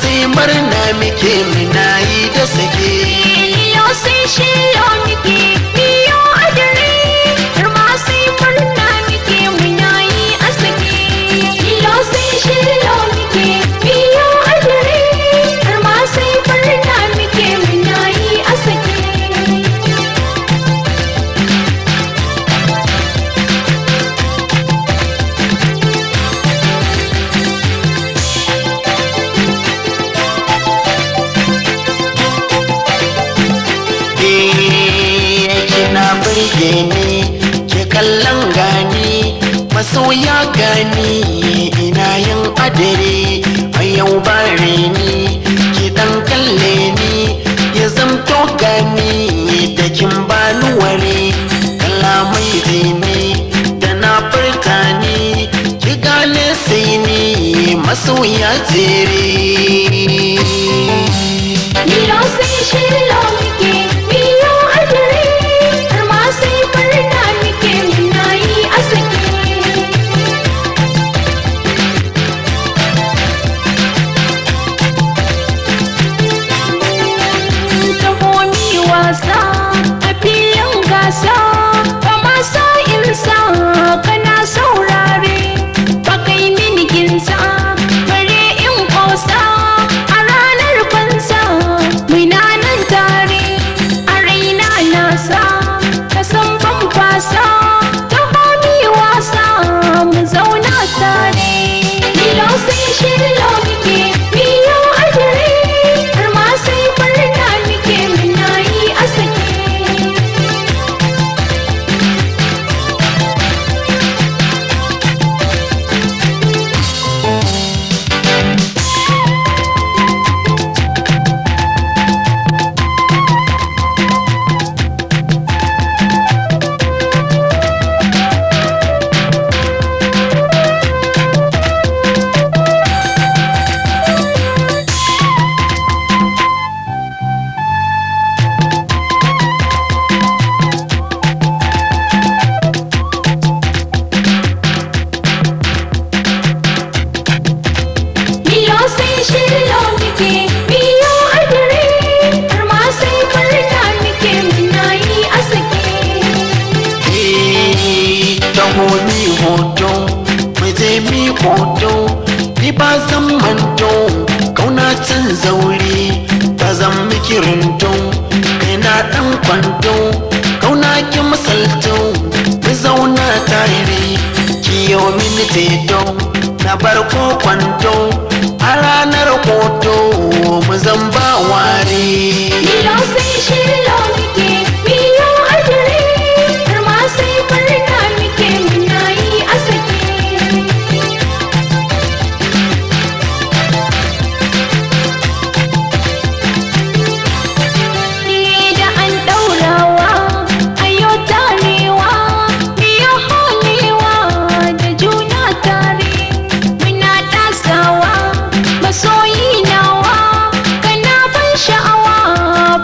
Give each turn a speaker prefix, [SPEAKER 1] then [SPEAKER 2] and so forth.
[SPEAKER 1] sai murna muke muna yi da sake yau sai shi yau muke burge ni ke kallon gani masoya gani ina yin adare a yau bare ni ke dan kalle ni ya zamto gani da kin baluware mai zini da na farka ni ki gane sai ni masoya tsere. mu mi hoto mu je mi hoto ni ba zan manto kauna can zaure ba zan miki kai na dan kwanto kauna ki misalto mu zauna tare ki yau mini teto na barko kwanto a ranar hoto mu zan ba ware. sai shirin